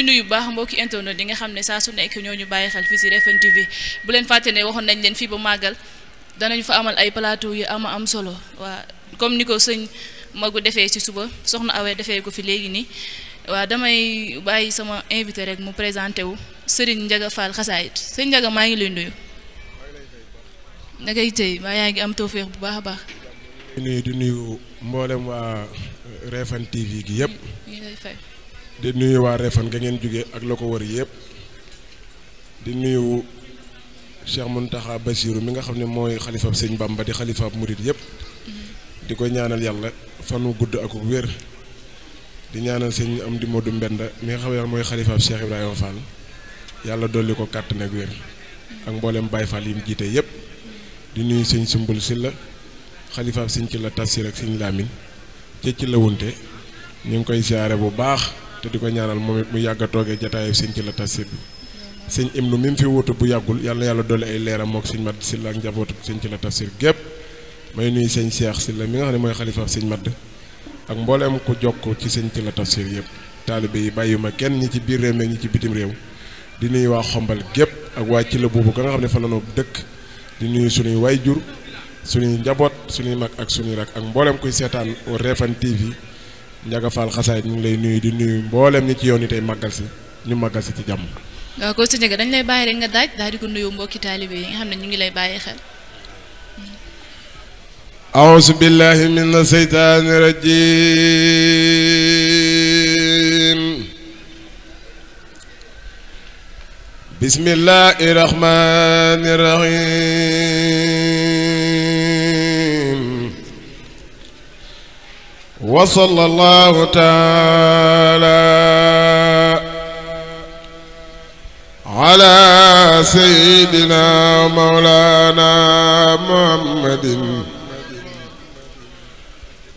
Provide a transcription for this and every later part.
ñu nuyu baax mbokki internet yi nga xam ne saa su nekk ñoo ñu bàyyi xel fii ci Refane TV bu leen fàtte ne waxoon nañ leen fii ba màggal danañ fa amal ay plateau yu ama am solo waa comme ni ko sëñ Magu defee ci suba soxna awee defee ko fi léegi nii waa damay bàyyi sama invité rek mu présenté wu Serigne Ndiaga Fall Xasaayit sëñ Ndiaga maa ngi lay nuyu. nagay tey maa yaa ngi am tawféex bu baax a baax. di nuyu di nuyu mboolem waa Refane TV gi yëpp. di nuyu waa Refane ga ngeen jóge ak la ko wër yëpp di nuyu Cheikh Mountakha Bassirou mi nga xam ne mooy xalifaab sëñ Bamba di xalifaab murit yëpp di ko ñaanal yàlla fanu gudd ak wér sëñ am di Modou Mbenda mi nga xam mooy xalifaab Cheikh Ibrahima yàlla dolli ko kàttan ak wér yi mu yëpp di nuyu sëñ Sumbul Silla xalifaab sëñ ci la Tassir ak sëñ Lamine ci ci la wunte ñu ngi koy siyaare bu baax. te di ko ñaanal moom it mu yàgg a toogee jataayu sëñ ci la tas si bi sëñ mu fi wuutu bu yàggul yàlla yàlla doole ay leeram mook sëñ madd si la ak njabootu sëñ si gépp may nuyu sëñ Cheikh si la mi nga xam ne mooy xalifa sëñ madd ak mbooleem ku jokk ci sëñ ci la tas si yëpp taalibe yi bàyyiwuma kenn ñi ci biir réew mi ñi ci bitim réew di nuyu waa xombal gépp ak waa ci la boobu ka nga xam ne fa lanoo dëkk di nuyu suñuy waay jur suñuy njaboot suñuy mag ak suñuy rak ak mbooleem kuy seetaan Refane TV Ndiaga Fall xasaayit ñu ngi lay nuyu di nuyu mboolem ñi ci yoon yi tey màggal si ñu màggal si ci jàmm. waaw kon si Ndiaga dañ lay bàyyi rek nga daaj daal di ko nuyu mbokki taalibe yi nga xam ne ñu ngi lay bàyyi xel. أعوذ بالله من الشيطان الرجيم وصلى الله تعالى على سيدنا مولانا محمد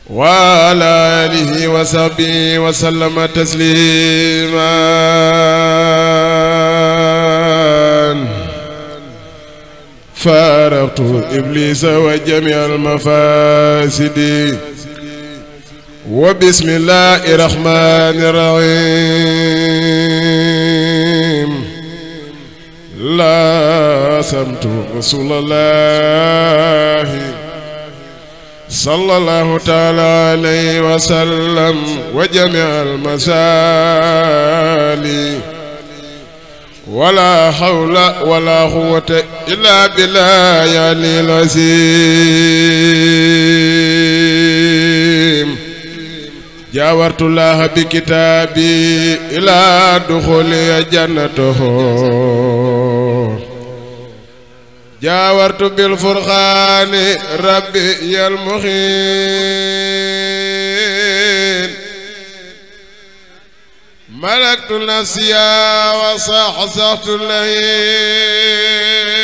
وعلى آله وصحبه وسلم تسليما فارقت إبليس وجميع المفاسد وبسم الله الرحمن الرحيم لا سمت رسول الله صلى الله تعالى عليه وسلم وجميع المسالي ولا حول ولا قوة إلا بالله يا العظيم جاورت الله بكتابي إلى دخول جنته جاورت بالفرقان ربي يا المخين ملكت النسيا وصحصحت الليل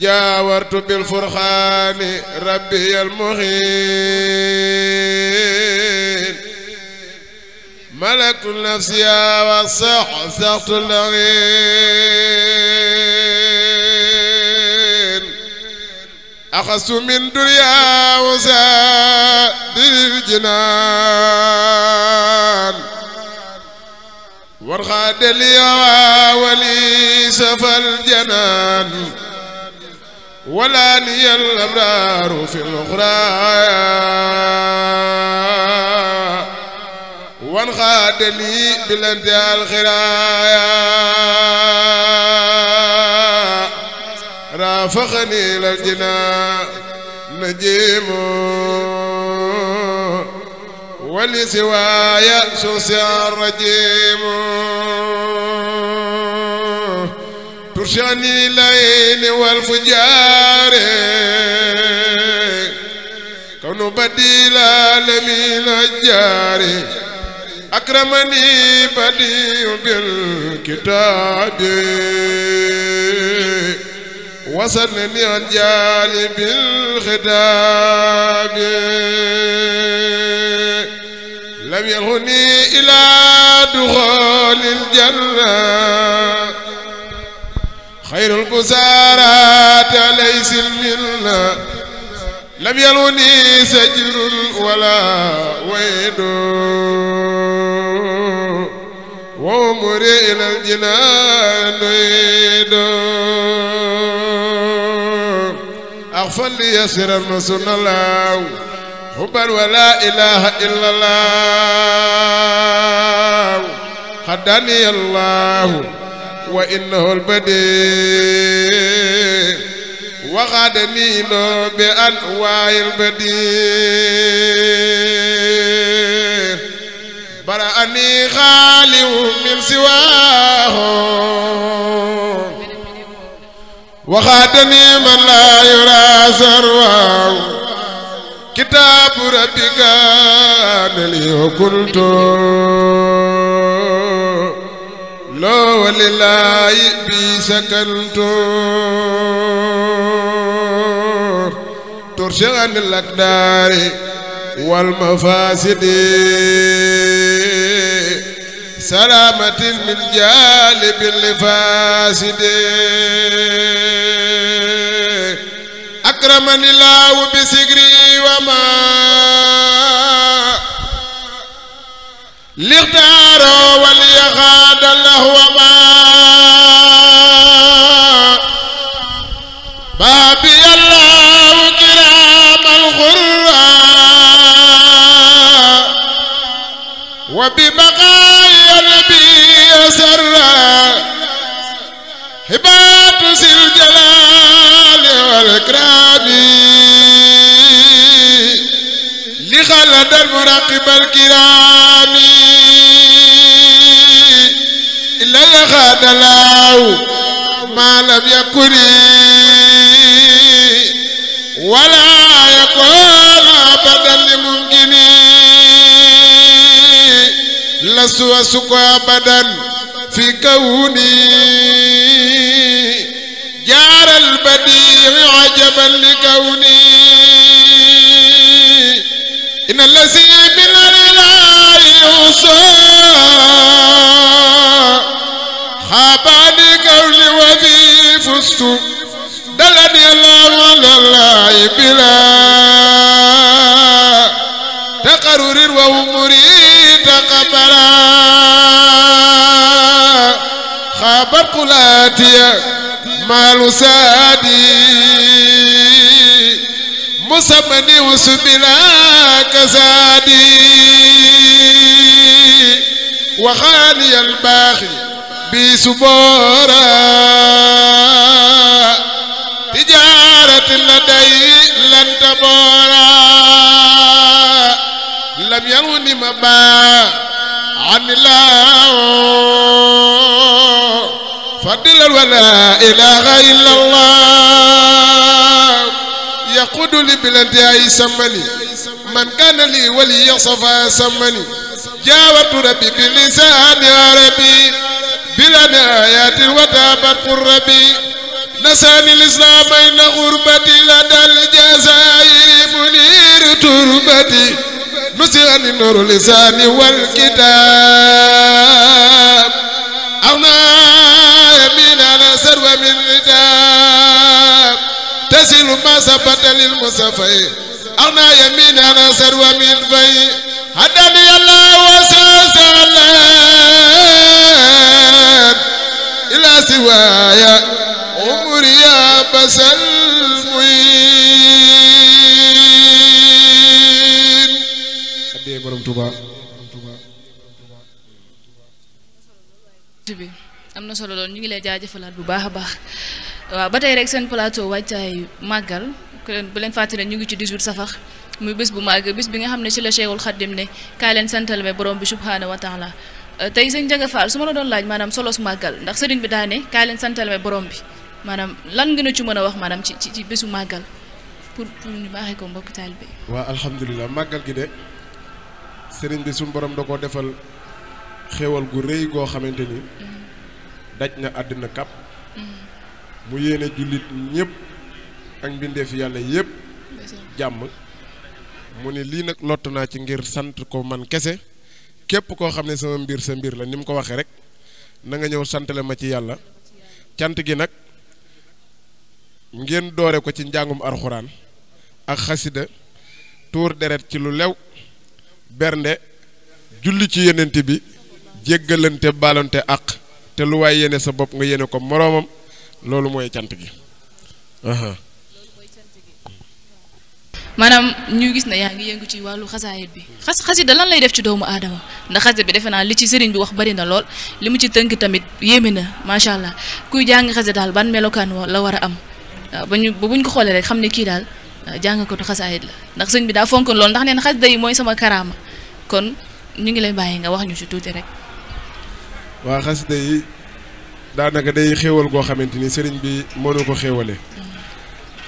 جاورت بالفرخان ربي المهين ملك النفس يا وصحصحت الغين أخذت من دنيا وزاد الجنان وارخاد لي ولي سفى الجنان ولا لي الأبرار في الأخرى وانخاد لي بالانتهاء الخرايا رافقني إلى نجيم ولسوايا سوسيا الرجيم ترشاني لين والفجار كونو بديل لمن الجار أكرمني بدي بالكتاب وصلني عن جالب لم يرهني إلى دخول الجنة خير البسارات ليس الملة لم يلوني سجر ولا ويد ومري إلى الجنان ويد أغفر لي يسر المسن الله حبا ولا إله إلا الله خدني الله وإنه البديع وغدني له بأنواع البديع برأني خالي من سواه وخاتني من لا يرى سرواه كتاب ربك أنا لي وكنت لو لله بي سكنتو ترشي عن الأقدار والمفاسد سلامة من جالب الفاسد أكرمني الله بسجري وما لغدار وليغار الله وما بابي الله كرام الغرى وببقايا النبي سرا هبات ذي الجلال والإكرام لخلد المراقب الكرام لا يغاد الله ما لم يكن ولا يكون أبدا لممكن لسوى سكوى أبدا في كوني جار البديع عجبا لكوني إن الذي من الإله يوصى حباني قولي وذي فزت دلني الله على الله بلا تقرر وأمري تقبلا خابت قلاتي مال سادي مسمني وسبلا كزادي وخالي الباخي بسبورة تجارة لدي لن تبورة لم يروني مبا عن الله فضل ولا إله إلا الله يقود لبلدي سمني من كان لي ولي صفا سمني جاوة ربي بلسان عربي بلا آيات وتابت قربي نساني الإسلام بين غربتي لدى الجزائر منير تربتي نسيان نور لسان والكتاب أغنى يمين على سروة من رتاب تسل ما سبت للمصفي أغنى يمين على سروة من في هداني الله وسوس الله إلى سواي عمري بس المين أدي برم توبا am na solo lool ñu ngi lay jaajëfalaat bu baax a baax waaw ba tey rek seen plateau wàccaay màggal ku leen bu leen fàttali ñu ngi ci 18 safar muy bés bu màgg bés bi nga xam ne ci la Cheikhul Khadim ne kaay leen santal me borom bi subhaana wa taala Euh, tey sëñ Ndiaga Fall su ma la doon laaj maanaam solos màggal ndax sëriñ bi daane kaa leen santale borom bi maanaam lan nga ñu ci mën a wax maanaam ci ci bésu màggal pour pour ñu baaxee ko mbokk taalibe waa waaw màggal gi de sëriñ bi suñ borom da koo defal xewal gu rëy goo xamante ni. Mm-hmm. daj na àddina kap mm-hmm. mu yéene jullit ñépp ak mbindeef yàlla yépp jàmm mu ni lii nag lott naa ci ngir sant ko man kese. képp koo xam ne sama mbir sa mbir la ni mu ko waxee rek na nga ñëw santale ma ci yàlla cant gi nag ngeen doore ko ci njàngum alxuraan ak xasida tuur deret ci lu lew bernde julli ci yenent bi jéggalante baalante àq te lu waay yéene sa bopp nga yéene ko moroomam loolu mooy cant gi maanaam ñu gis na yaa ngi yëngu ci wàllu xasaayit bi xas xasida lan lay def ci doomu aadama ndax xasida bi defe naa li ci sëriñ bi wax bari na lool li mu ci tënk tamit yéeme na macha allah kuy jàng xasida daal ban melokaan la war a am ba ñu ba buñ ko xoole rek xam ne kii daal jàngkatu xasaayit la ndax sëñ bi daa fonk lool ndax neen xasida yi mooy sama karaama kon ñu ngi lay bàyyi nga wax ñu ci tuuti rek. waa xasida yi daanaka day xéewal goo xamante ni sëriñ bi moo ko xéewale mm-hmm.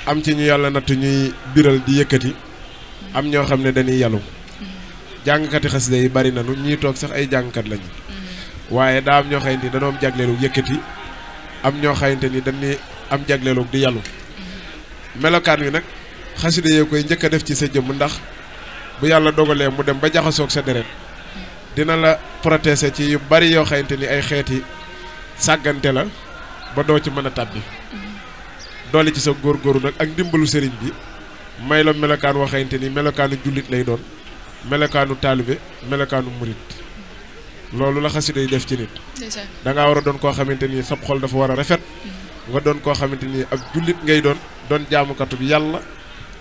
am ci ñu yàlla natt ñuy biral di yëkkati am ñoo xam ne dañuy yalu jàngkati xasida yi bari nañu ñii toog sax ay jàngkat lañu waaye daa am ñoo xamante ni dañoo am jagleelu yëkkati am ñoo xamante ni dañuy am jagleelu di yalu melokaan wi nag xasida yee koy njëkk a def ci sa jëmm ndax bu yàlla dogalee mu dem ba jaxasoog sa deret dina la protéger ci yu bari yoo xayante ni ay xeeti sàggante la ba doo ci mën a tàbbi doli ci sa goru nak ak dimbalu serigne bi may la melokaan waxante ni melokaanu julit lay don melokaanu talibé melokaanu murit lolou la xassidey def ci nit da nga wara a ko xamanteni sa ni xol dafa wara a rafet mm-hmm. nga don ko xamanteni ni ab jullit ngay don jaamu katu bi yalla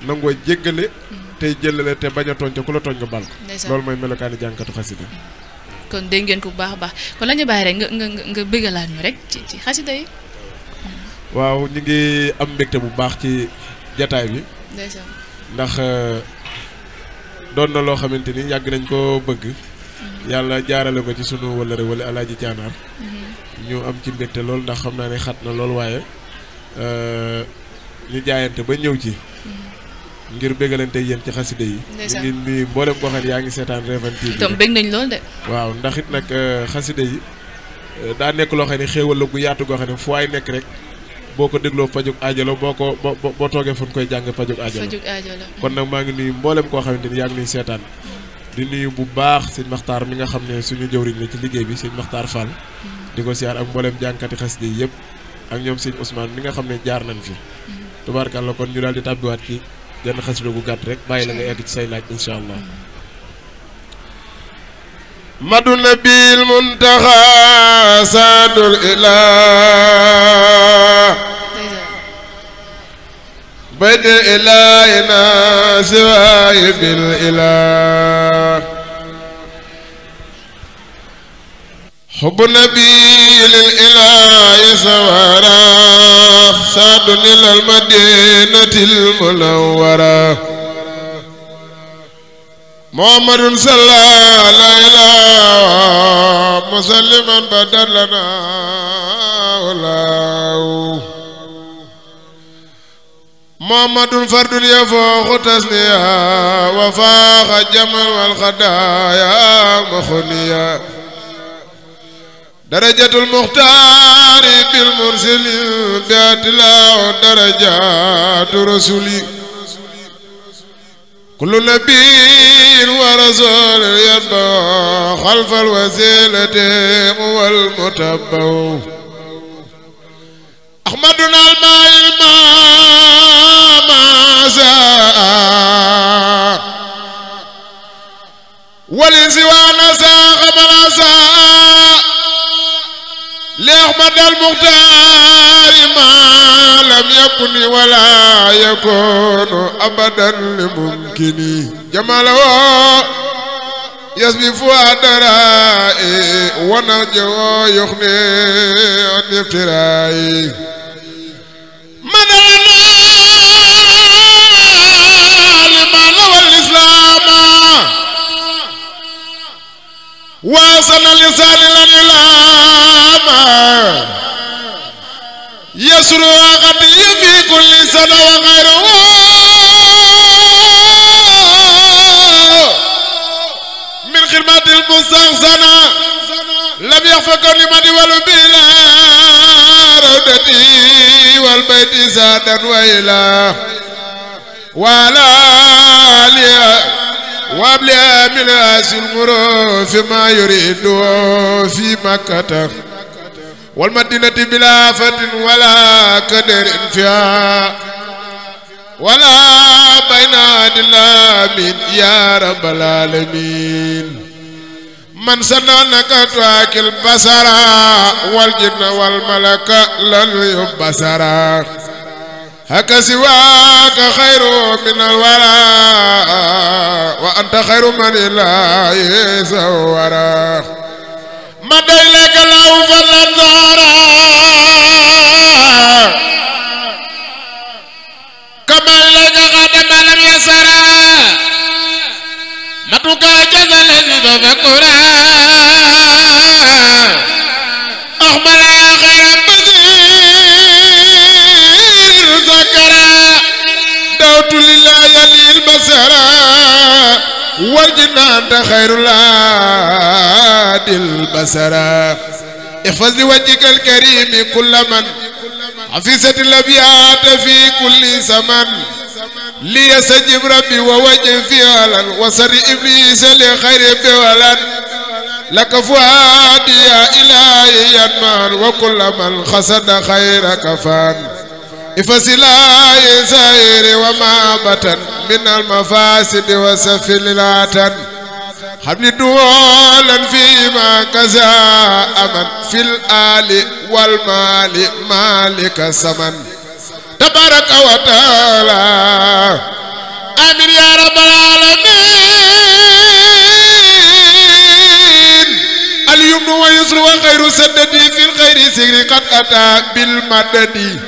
nango jéggale mm-hmm. tey jëlalé té nggeng nggeng tooñ te ku nga bal lolou loolu mooy jankatu xassidey mm-hmm. kon dégg ngeen ko bax bax kon lañu bay rek nga nga nga bëggalaat rek ci xassidey waaw ñu ngi am mbégte bu baax ci jataay bi. ndax euh, doon na loo xamante ni yàgg nañ ko bëgg. Mhm. yàlla jaarale ko ci sunu wëllëre wala alaaji caanaar mhm. ñu am ci mbégte lool ndax xam naa ne xat na lool waaye euh, ñu jaayante ba ñëw ci. Mhm. ngir bégalante yéen ci xaside yi. ñu ngi nuyu mboolem koo xam yaa ngi seetaan Refane TV. itam bég nañ lool de. waaw ndax it nag euh, xaside yi daa nekk loo xam ne xéewal la gu yaatu goo xam ne fu nekk rek. boko deglo fajuk fajug aajo la boo ko boo koy jang fajuk aajo la fajug aajo la kon nak maa ngi mbollem ko xamanteni xamante ni setan di nuyu bu baax seigne Maxtaar mi nga xamne suñu jëwriñ la ci liggey bi seigne Maxtaar Fall mm. diko siar ak mbollem jankati xassidi yeb ak ñom seigne Ousmane mi nga xamne jaar nañ fi mm. tabarakallah kon ñu dal di tabbi wat ci den xasida gu gat rek bayila nga egg ci say laaj inshallah allah mm. madu nabil muntaxa saadul ilah بدء إلهنا سواي بالإله حب نبي للإله سوارا ساد إلى المدينة المنورة محمد صلى الله عليه وسلم بدلنا ولا محمد فرد يفوق تسليها وفاق الجمل والخدايا مخنيا درجة المختار بالمرسل بيت الله درجات رسولي كل نبي ورسول يتبع خلف الوسيلة والمتبع أحمد أحمد المختار ما لم يكن ولا يكون أبدا لممكن جماله يسبي فؤاد رائي ونرجو يخني عن ابتلائي وصلنا اللسان للإلام يسر وغدي في كل سنة وغيره من خدمات سنه لم يخفق لمن والبلا ردتي والبيت زادا ويلا ولا لي وابلها من آس في ما يريد في مكة والمدينة بلا فت ولا كدر فيها ولا بين عدل يا رب العالمين من سنانك تواكل البصر والجن والملك لن يبصر هكا سواك خير من الورى وأنت خير من الله يسورى مدى إليك الله فلن كما إليك ما لم يسرى متك جزل تذكرى أخبر يا خير ذكرا دوت لله يلي البصرا والجنان خير لا البصرا احفظ وجهك الكريم كل من حفظت الابيات في كل زمن ليسجب ربي ووجه فعلا وسر ابليس لخير فعلا لك فؤادي يا الهي ينمان وكل من خسد خيرك فان إفسلا يسائر وما بطن من المفاسد وسفل العتن حبل دولا فيما كزا أمن في الآل والمال مالك سمن تبارك وتعالى آمين يا رب العالمين اليمن ويسر وخير سددي في الخير سيري قد أتى بالمدد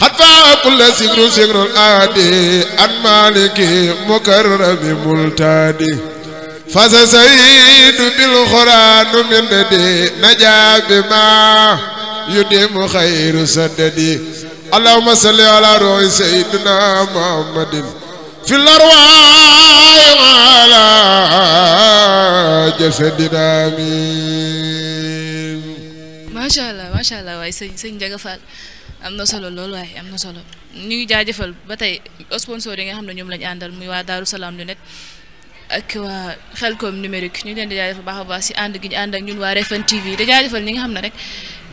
حتى كل سكر سكر الآدي عن مالك مكرم ملتادي فسسيد بالقرآن من ددي نجا بما يديم خير سددي اللهم صل على روح سيدنا محمد في الأرواح وعلى جسدنا آمين ما شاء الله ما شاء الله واي سيدنا سيدنا am na solo loolu waaye am na solo ñu ngi jaajëfal ba tey sponsor yi nga xam ne ñoom lañu àndal muy waa Daaru Salaam Lunette ak waa Xelcom numérique ñu ngi leen di jaajëfal ba a si ànd gi ñu ànd ak ñun waa Refane TV di jaajëfal ñi nga xam ne rek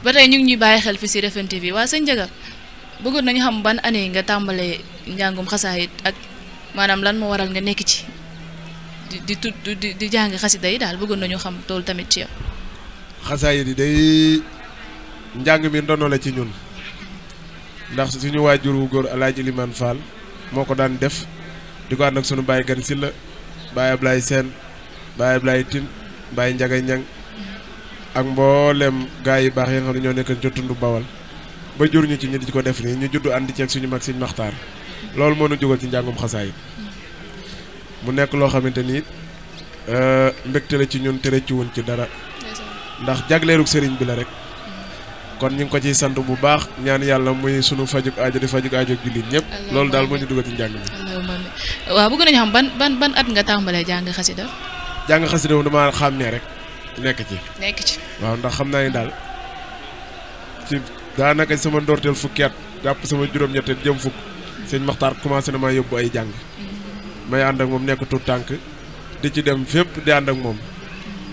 ba tey ñu ngi ñuy bàyyi xel fi si Refane TV waa sëñ Ndiaga bëggoon nañu xam ban année nga tàmbalee njàngum xasaayit ak maanaam lan moo waral nga nekk ci di di tu di di jàng xasida yi daal bëggoon nañu xam tool tamit ci yow. xasaayit yi day njàng mi ndono la ci ñun. ndax suñu waajur wu góor alaaji Limaan Fall moko dan def di and ak suñu Baye Gan sil Baye Ablaye sen Baye Ablaye Tine Baye Ndiaga Ñang ak mbollem gaay yi bax yi nga ñoo Bawal ba jor ñu ci ñi di ko def ni ñu and ci ak suñu mak Sëñ Maxtaar lool mo ñu jogal ci njàngum xasaay mu nek lo xamanteni euh mbégte la ci ñun ci ci dara ndax bi la rek kon ñu ko ci sant bu baax ñaan yalla muy sunu fajuk aja di fajuk aajo nit ñep lool dal mo ñu dugal jang njàng mi waaw bëgg xam ban ban ban at nga tambalé jang xassida jang xassida moom dama xàmmee rek nek ci nek ci wa ndax xam naa ni dal ci naka sama ndortel fukki at japp sama juroom ñette jëm fuk señ maxtaar commencé na ma yobbu ay jang mhm. may and ak mom nek tout tank di ci dem fépp di and ak mom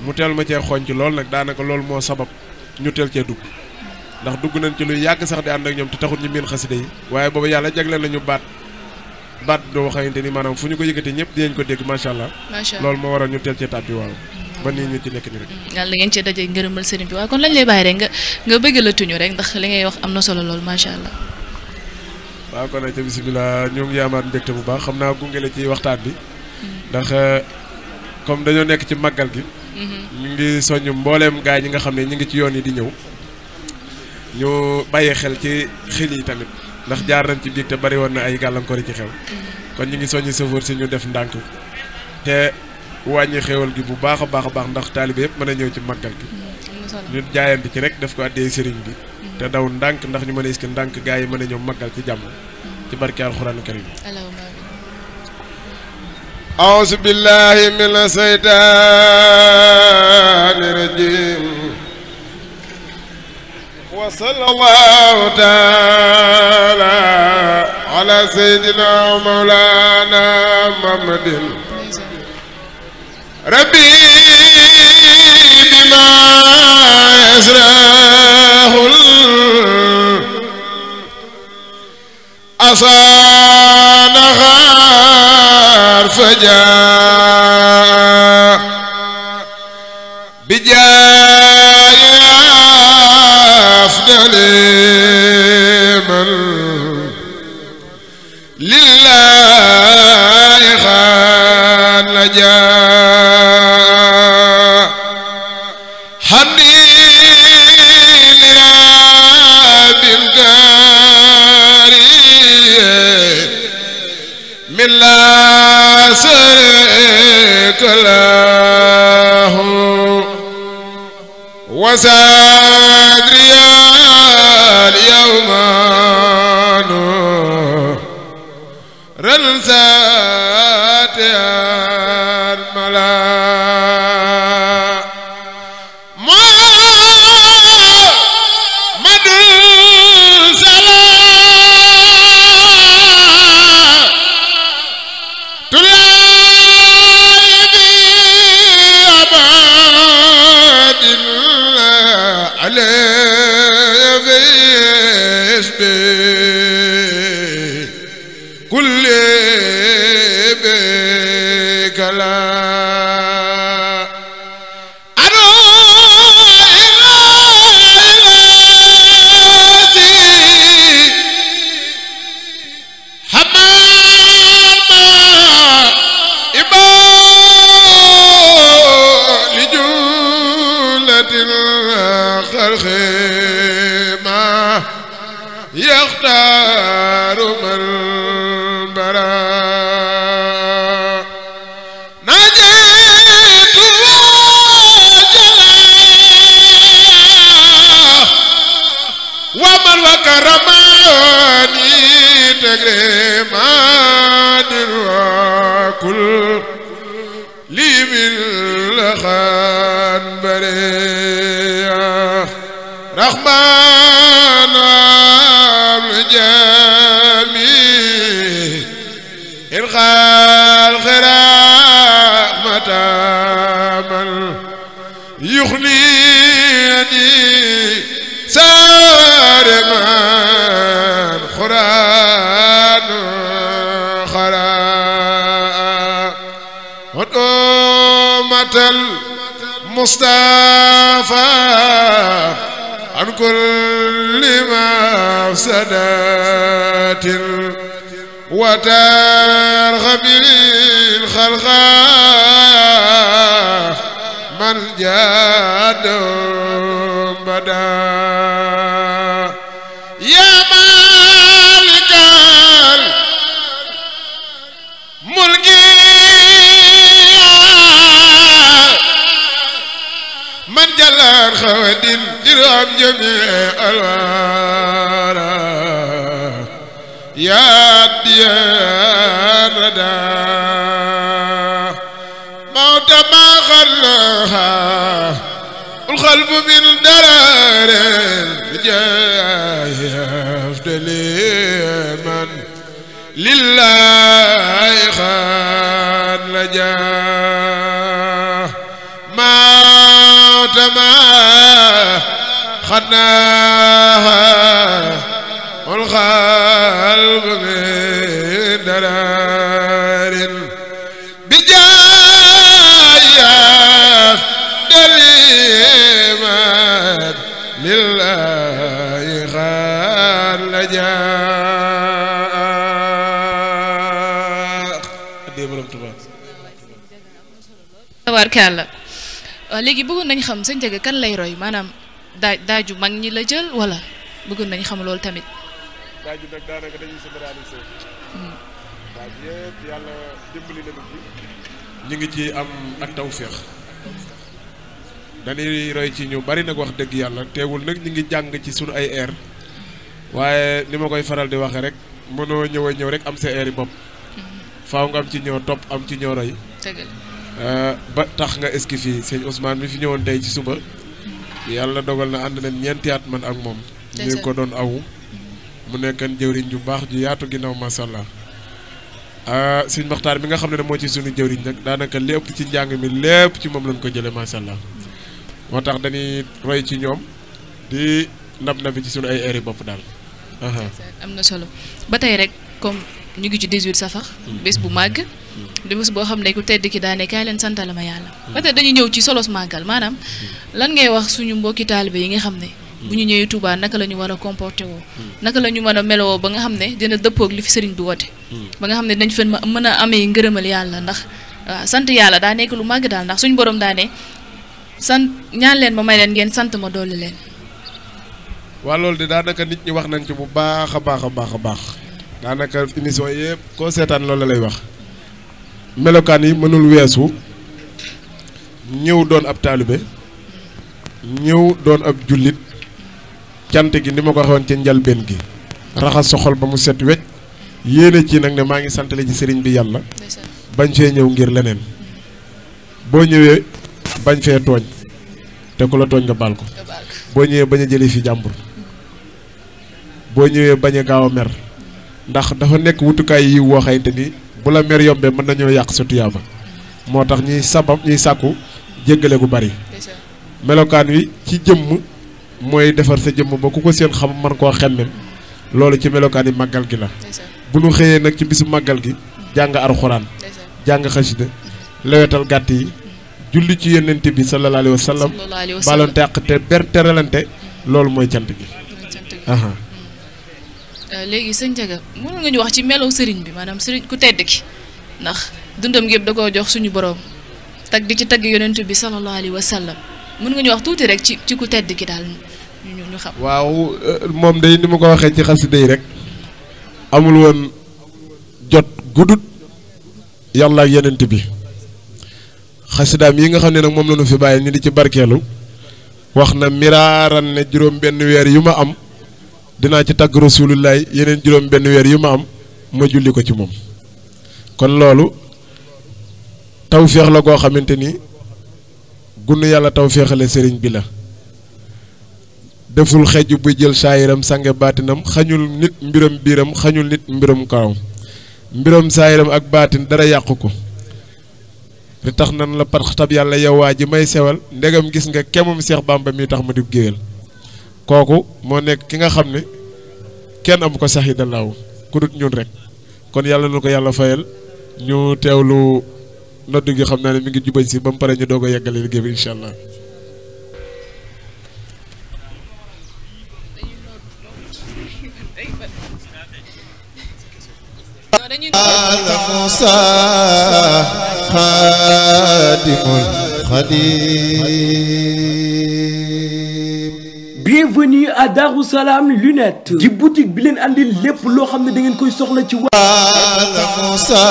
mu tel ma cee ci lool da naka lool mo sabab ñu tel ci dugg ndax dugg nañ ci lu yàgg sax di ànd ak ñoom te taxut ñu miin xasida yi waaye boobu yàlla jagle nañu baat baat do xamante ni maanaam fu ñu ko yëkkati ñëpp dinañ ko dégg macha allah loolu moo waral ñu teel ci tàbbi waaw ba nii ñu ci nekk ni rek mm, yàlla ngeen ci daje ngërëmal sëriñ bi waaye kon lañ lay bàyyi rek nga nga bëgg la tuñu rek ndax li ngay wax am na solo lool macha allah waaw kon ayca bisimilah ñoo ngi yaamaat mbégte bu baax xam naa gunge la ci waxtaan bi mm. ndax comme dañoo nekk ci màggal gi mm-hmm. ñu ngi soññ mbooleem gaay ñi nga xam ne ñi ngi ci yoon yi di ñëw ñu baye xel ci xel yi tamit ndax jaar nañ ci biir te bari woon na ay gàllankoor ci xew kon ñu ngi soññi sëfoor si ñu def ndànk te wàññi xewal gi bu baax a baax a baax ndax taalibe yëpp mën a ñëw ci màggal gi ñu mm-hmm. jaayante ci rek def ko àddee sëriñ bi mm-hmm. te daw ndànk ndax ñu mën a iske ndànk gaa yi mën a ñëw màggal ci jàmm mm-hmm. ci barke alxuraan karim أعوذ بالله من الشيطان الرجيم وصلى الله تعالى على سيدنا مولانا محمد ربي بما يسره أصان غار فجاء بجاء أفضل من لله خان لجا حني لراب الداري من لا سرق له وسادري ren sa القرآن خراء ودومه المصطفى عن كل ما مفسدات وترغب الخلق من جاد بدأ عن جرام جميع الوارا يا ديان ردا موت ما خلاها الخلف من دراره خدناها والخلق من درار بجاية دليما لله خال جاء tabarkàlla waaw léegi bëggoon nañ xam sëñ Ndiaga kan lay roy maanaam daaj daaju mag ñi la jël wala bëggoon nañ xam loolu tamit. daaju nag daanaka dañuy généraliser. Hmm. daaj ñu ngi ci am ak tawféex. dañuy roy ci ñu bari nag wax dëgg yàlla teewul nag ñu ngi jàng ci sunu ay air waaye ni ma koy faral di waxee rek mënoo ñëwee ñëw rek am sa air yi bopp. Hmm. faaw nga am ci ñoo topp am ci ñoo roy. Eh, ba tax nga eski seen sëñ Ousmane mi fi ñëwoon tey ci suba. yàlla dogal na ànd nañ ñeenti at man ak moom. ñu ko doon awu. mu nekkan jëwriñ bu baax ju yaatu ginnaaw macha allah. Ah, suñ maxtaar mi nga xam ne moo ci suñu jëwriñ nag daanaka lépp ci njàng mi lépp ci moom lañ ko jëlee macha allah. moo tax dañuy roy ci ñoom di nab nabi ci suñu ay aires bopp daal. am ba tey rek comme ñu ngi ci 18 safar. Mm. bés bu màgg. di boo xam ne ku tedd ki daane kaay leen santale ma yàlla peut-être dañu ñëw ci solos màggal maanaam lan ngay wax suñu mbokki taalibe yi nga xam ne bu ñu ñëwee Touba naka la ñu war a comporté woo naka la ñu mën a melowoo ba nga xam ne dina dëppoog li fi sëriñ bi woote ba nga xam ne dañ fen ma mën a amee ngërëmal yàlla ndax waaw sant yàlla daa nekk lu màgg daal ndax suñu borom daa ne sant ñaan leen ma may leen ngeen sant ma dolli leen waa loolu de daanaka nit ñi wax nañ ci bu baax a baax a baax a baax daanaka émission yëpp koo seetaan loolu lay wax melokan yi mënul wessu ñew doon ab talibé ñew doon ab julit cant gi ni ma xawon ci ca ben gi raxas sa xol ba mu set wecc yéene ci nak ne ma ngi li ci sëriñ bi yalla bañ fee ñew ngir leneen bo ñewé bañ fee togn te ko la togn nga bal ko bo ñewé baña fi jambur bo ñewé baña gaaw mer ndax dafa nek wutukay yi wo ni bu la mer yombee mën nañoo yàq sa tuyaaba moo tax ñuy sabab ñuy sàkku jéggale gu bari melokaan wi ci jëmm mooy defar sa jëmm ba ku ko seen xam mën koo xemmem loolu ci melokaan yi màggal gi la bu nu xëyee nag ci bisu màggal gi jàng arxuraan jàng xasida lewetal gàtt yi julli ci yonent bi sa alayhi wa sallam baalonte àq te ber loolu mooy cant gi Eh, léegi sëñ jaga mën nga ñu wax ci melo sëriñ bi manam sëriñ ku tedd ki ndax dundam gi yëpp da ko jox suñu borom tag di ci tag yonentou bi sallallahu alaihi wasallam sallam mën nga ñu wax tuuti rek ci ci ku tedd ki dal ñu ñu xam. waaw eh, mom day ni ko waxe ci xasida day rek amul won jot gudut yalla ak yonentou bi xasidaam yi nga xamne nak mom moom la ñu fi baye ñu di ci barkelu waxna miraran ne juróom ben weer yuma am. dinaa ci tàgg rasulullaay yeneen juróom benn weer yu ma am ma julli ko ci moom kon loolu tawféex la goo xamante ni gunn yàlla tawféexale sëriñ bi la deful xeju bu jël saayiram sange baatinam xañul nit mbiram biiram xañul nit mbiram kawam mbiram saayiram ak baatin dara yàqu ko li tax nan la pax tab yàlla yow waa ji may sewal ndegam gis nga kemum Seex Bàmba mi tax ma di géwél koku mo nek ki nga xamne kenn am ko sax yi ku dut ñun rek kon yalla nako yalla fayal ñu tewlu noddu gi xamna ni mi ngi jubañ si bam mu pare ñu dogo yeggal yeggale liggéey bi موسى خادم الخديم bienvenue à Darou Salam lunette di boutique bi leen àndi lépp loo xam ne da ngeen koy soxla ci wa Moussa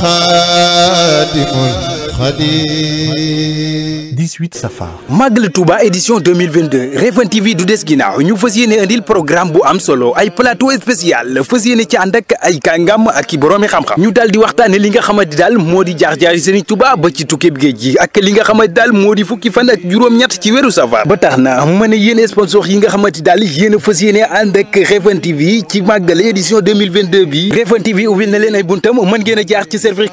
Khadimul Khadim 18 safar. Magal Touba édition 2022 Refane TV du des ginnaaw ñu fas yéene andil programme bu am solo ay plateau spécial fas yéene ci ànd ak ay kàngam ak i boroomi xam-xam ñu daal di waxtaane li nga xamante daal moo di jaar-jaari Serigne Touba ba ci tukkib géej gi ak li nga xamante daal moo di fukki fan ak juróom-ñett ci weeru safar ba tax na ma ne yéen sponsor yi nga xamante daal yéen a fas yéene ànd ak Refane TV ci Magal édition 2022 bi Refane TV ubbil na leen ay buntam mën ngeen a ci service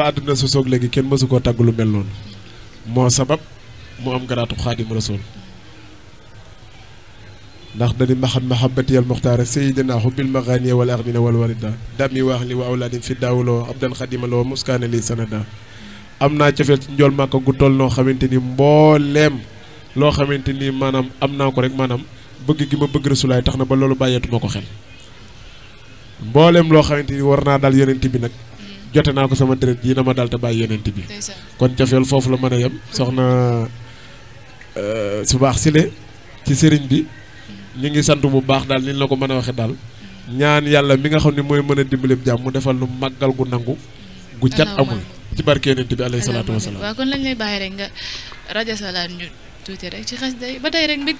ba àdduna sosoog léegi kenn mësu koo tàgg lu mel noonu moo sabab mu am garaatu xaadim rasul ndax dani maxam mahabati al muxtaara sayyidina xubbil maghani wal ardina wal warida dami waax li wa awlaadin fi daawuloo abdan xadimaloo muskaane li sanada am naa cofeel ci njool màkk gu toll noo xamante ni mbooleem loo xamante ni ko rek maanaam bëgg gi ma bëgg rasulaay tax ba loolu bàyyeetuma ko xel mbooleem loo xamante ni war naa bi nag jote naa ko sama deret yi na dal ta bay yeneen bi kon cofeel fofu la mëna a yem soxna euh, su baax silé ci sëriñ bi ñi ngi sant bu baax dal ni la ko mën a waxe daal ñaan yalla mi nga xamni moy mëna dimbalé jamm mu defal lu magal gu nangu gu ciat amul ci barké bi alayhi salatu wassalam wa kon lañ lay bayé rek nga rajo salaan ñu tuté rek ci xass day ba tay rek mi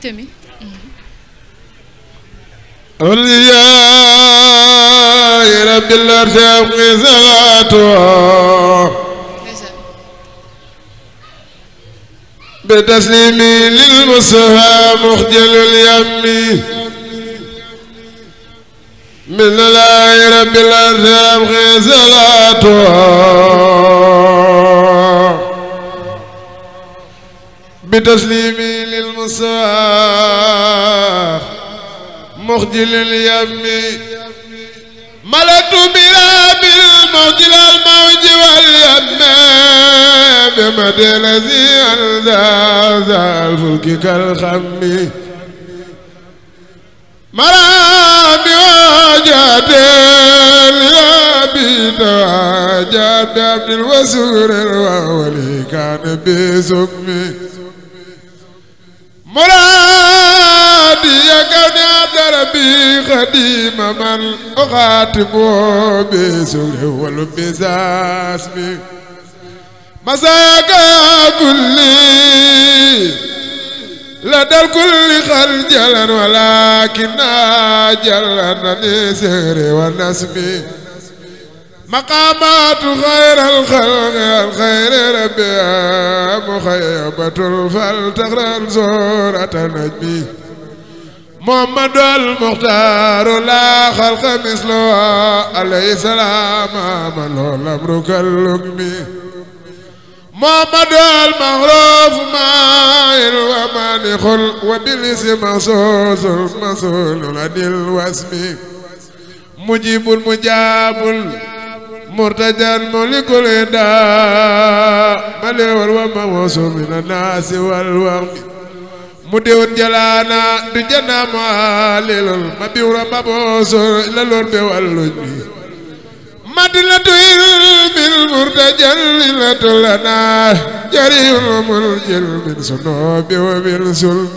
أولياء رب الأرش أبقي بتسليمي للمصطفى مخجل اليم من الله رب الأرش أبقي صلاته بتسليمي للمصطفى مخجل اليم ملت بلا بالمخدل الموج واليم بمد الذي انزاز الفلك كالخمي مرام وجد اليابيد وجد من الوسور الولي كان بسمي مرادي كوني عبد ربي خديم من أخاتمه بسره والبزاسم مساك كل لدى الكل خل جلا ولكن جلا نسر ونسمي مقامات خير الخلق الخير ربي مخيبة فلتغرر زورة نجمي محمد المختار لا خلق مثله عليه السلام من هو الأمر اللقمي محمد المعروف مائل ومن خل وبالاسم مخصوص المسؤول عن الوسم مجيب المجاب مرتجان ملك الهداء مليور وموس من الناس والوهم مديون جلانا دجنا مالل مبيور مبوس للورب واللجي مدلة علم المرتجلة لنا جري المرجل من سنوب ومن سلم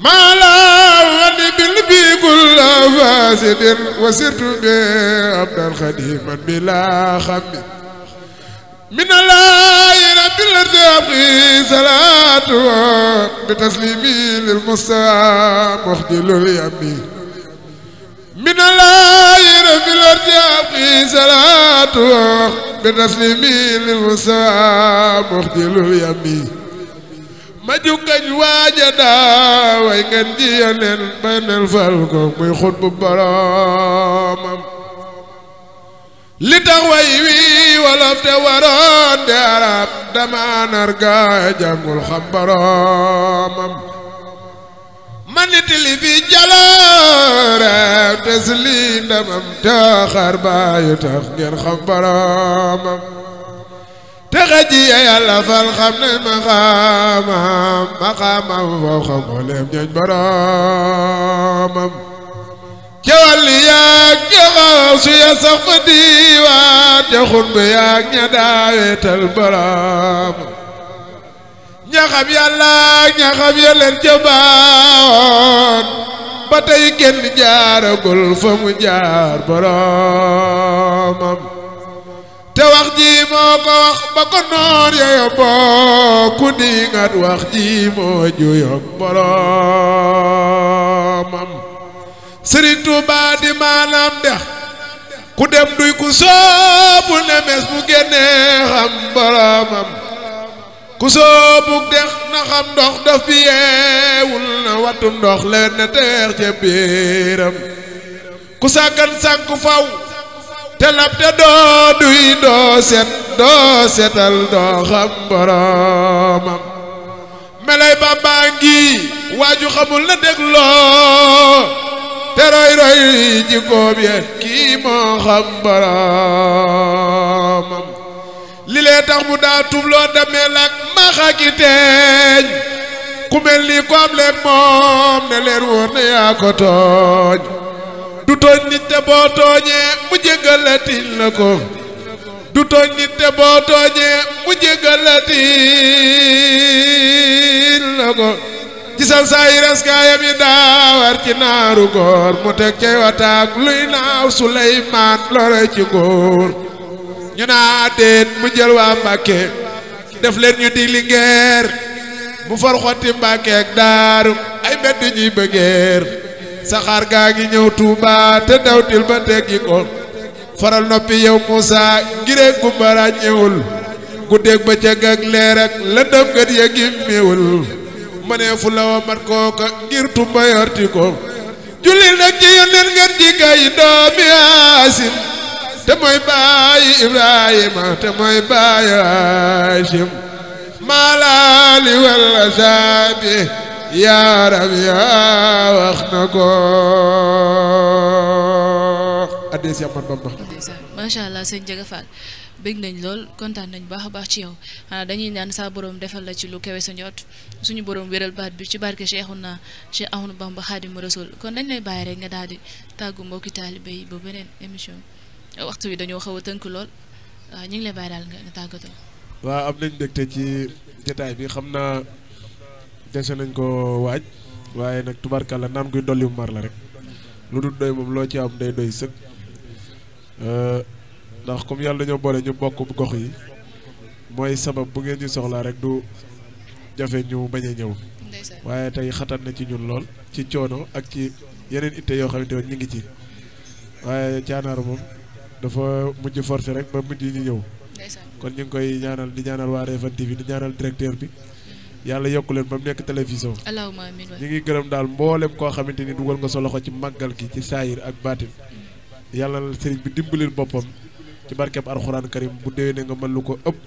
ما لا بن بي كل فاسد وسرت عبد الخديم بلا خم من الله رب الارزاق صلاة بتسليمي للمصطفى مخدل اليمين من الله رب الارزاق صلاة بتسليمي للمصطفى مخدل اليمين ma jukkañ waaja daa way ngeen ji yeneen beneen fal ko muy xut bu boroomam li tax way wii wolof te waroon de arab dama nar gaa jàngul xam boroomam man it li fi jaloore te si lii ndamam te xar baayu tax ngeen xam boroomam te xëj ya yàlla fal xam ne maqaamam maqaamam foo xam mbooleem ñooñ boroomam ca wàll yaag ca xaw su ya sax fa xun ba yaag ña daaweetal boroom ña xam yàlla ña xam ya leen ca baawoon ba kenn jaaragul fa mu jaar boroomam te wax ji moo ko wax ba ko noor ya yóbboo ku dingat wax ji moo juyoo boroomam Sëriñ Tuubaa di maanaam dex ku dem duy ku soobu nemes bu génnee xam boroomam ku soobu dex na xam ndox daf bi yeewul na wattum ndox leen na teex ca biiram ku sàggan sànku faw te lab te doo duy doo set doo setal doo xam boroomam melay bàmbaa ngi waaju xamul na dégloo te roy roy jikkoom ya kii moo xam boroomam li lee tax mu daa tubloo dameel ak maxaki teeñ ku mel ni ko am moom ne leen na yaa ko tooñ du tooñ nit te boo tooñee mu jéggalatin la ko du tooñ nit te boo tooñee mu jéggalatin la ko gisal saa yi reskaayam yi daawar ci naaru góor mu teg cay wataak luy naaw Suleymaan lore ci góor ñu naa déet mu jël waa Mbàkke def leen ñu digli ngeer mu far xotti Mbàkke ak ay mbedd ñuy bëggeer saxaar gaa ngi ñëw Touba te daw ba teggi ko faral noppi yow Moussa ngiree gumba ràññewul guddeeg bëccëg ak leer ak lëndëm gët ya gimmiwul mënee fu la wa mat kooka ngir Touba yorti ko jullil nag ci yónneen ngeen ji kay doomi Yaasin te mooy baayu Ibrahima te mooy baayu Haasim maalaali walla saabi yaaram yaa wax na ko addee si amat bam bax macha allah sëñ Ndiaga Fall bëgg nañ lool kontaan nañ baax a baax ci yow xanaa dañuy naan saa borom defal la ci lu kawe sa njot suñu borom wéral baat bi ci barke Cheikhouna Cheikh Ahmadou Bamba Khadimu Rasul kon dañ lay bàyyi rek nga daal di tàggu mbokki taalibe yi ba beneen émission waxtu wi dañoo xaw a tënk lool ñu ngi lay bàyyi daal nga tàggatoo. waaw am nañ mbégte ci jotaay bi xam naa. dese nañ ko waaj waaye nag tubaarkàlla naam guy dolli mar la rek lu dul doy moom loo ci am day doy sëg euh, ndax comme yàlla dañoo boole ñu bokk gox yi mooy sabab bu ngeen ñu soxlaa rek du jafe ñu bañ a ñëw waaye tey xatat na ci ñun lool ci coono ak ci yeneen itte yoo xamante ne ñu ngi ci waaye caanaar moom dafa mujj forcé rek ba mujj ñu ñëw kon ñu ngi koy ñaanal di ñaanal waa Refane TV di ñaanal directeur bi yàlla yokk leen ba mu nekk télévision ñu ngi gërëm daal mboolem koo xamante ni dugal nga sa loxo ci màggal gi ci saayir ak baatin mm. yàlla na sëriñ bi dimbalil boppam ci barkeb alxuraan karim bu déwénee nga mën lu ko ëpp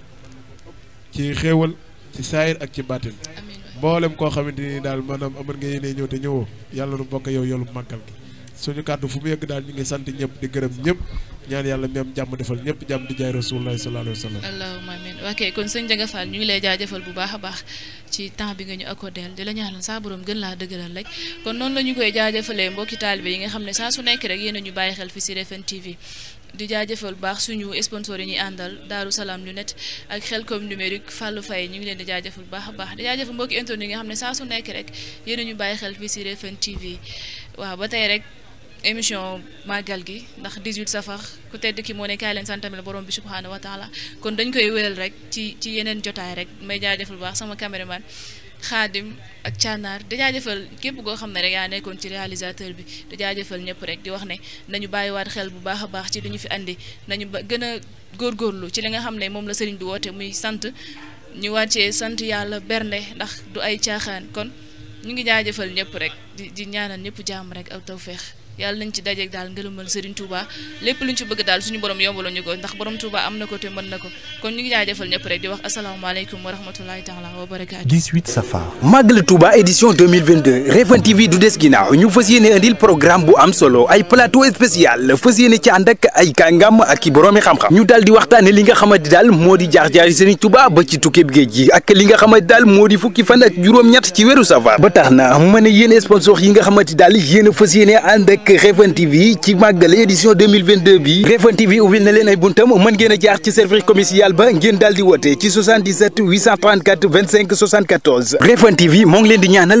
ci xéewal ci saayir ak ci baatin mboolem koo xamante ni daal maanaam amoon nga yéene ñëw te ñëwoo yàlla nu bokk yow yoolu màggal gi suñu kàddu fu mu yegg daal ñu ngi sant ñëpp di gërëm ñëpp ñaan yàlla mi jàmm defal ñëpp jàmm di jaay rasulullah a baax ci bi nga ñu accordeel di la ñaanal saa borom gën laa dëgëral rek kon noonu yi nga xam ne saa su nekk rek yéen a ñu bàyyi xel fi ci Refane TV di jaajëfal baax suñu sponsor yi ñuy àndal Daaru Salaam lunette ak Xelcom numérique Fallou Faye ñu ngi leen di jaajëfal baax a baax di jaajëfal mbokki internet yi nga xam ne saa su nekk rek yéen a ñu bàyyi xel fii ba tey rek émission màggal gi ndax 18 safar ku tedd ki moo ne kaay leen santam la borom bi subhaanahu wa taala kon dañ koy wéral rek ci ci yeneen jotaay rek may jaajëfal bu baax sama caméraman xaadim ak cànnaar di jaajëfal képp koo xam ne rek yaa nekkoon ci réalisateur bi di jaajëfal ñëpp rek di wax ne nañu bàyyiwaat xel bu baax a baax ci li ñu fi andi nañu ba gën a góorgóorlu ci li nga xam ne moom la sëriñ bi woote muy sant ñu wàccee sant yàlla bernde ndax du ay caaxaan kon ñu ngi jaajëfal ñëpp rek di di ñaanal ñëpp jàmm rek ak tawféex yalla nañ ci ak dal ngeuleumal serigne touba lepp luñ ci bëgg dal suñu borom yombalo ñu ko ndax borom touba amna ko te man nako kon ñu ngi jaajeufal ñëpp rek di wax assalamu alaykum wa rahmatullahi ta'ala wa barakatuh 18 safa magal touba édition 2022 Refan TV du dess ginaaw ñu fassiyene andil programme bu am solo ay plateau spécial fassiyene ci and ak ay kangam ak borom xam xam ñu dal di waxtane li nga xamadi dal modi jaar jaar serigne touba ba ci tukkeb geej gi ak li nga xamadi dal modi fukki fan ak juroom ñatt ci wéru safa ba taxna mané yene sponsor yi nga xamadi dal yene fassiyene and ak ak TV qui màggal édition 2022 bi Refane TV ubbil na les ay buntam mën jaar ci service commercial ba ngeen daldi wote ci 77 834 25 74 Refane TV mo ngi len di ñaanal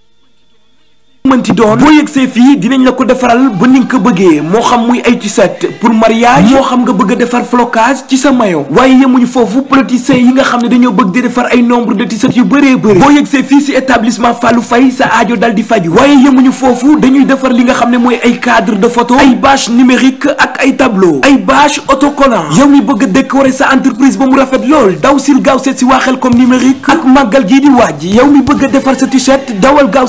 mënti doon boo yëgsee fii dinañ la ko defaral ba ni nga ko bëggee moo xam muy ay tiset pour mariage moo xam nga bëgg a defar flocage ci sa maillot waaye ñu foofu politicien yi nga xam ne dañoo bëgg di defar ay nombre de tiset yu bëree bëri boo yëgsee fii si établissement Fallou Faye sa aajo dal di faju waaye ñu foofu dañuy defar li nga xam ne mooy ay cadre de photo ay bâche numérique ak ay tableau ay bâche autocollant yow mi bëgg a décorer sa entreprise ba mu rafet lool daw sil gaaw seet si waa Xelcom numérique ak màggal gii di waaj mi bëgg a sa dawal gaaw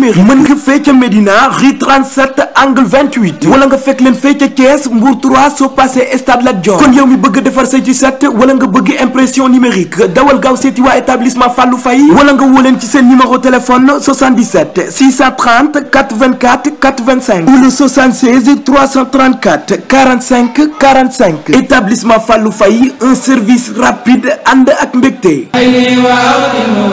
téeméeri mën nga fee ca Médina rue 37 angle 28 wala nga fekk leen fee ca Thiès Mbour 3 soo passé stade Lat kon yow mi bëgg defar say set wala nga bëgg impression numérique dawal gaaw seeti waa établissement Fallou Faye wala nga woo leen ci seen numéro téléphone 77 630 84 85 ou le 76 334 45 45 établissement Fallou Faye un service rapide ànd ak mbégte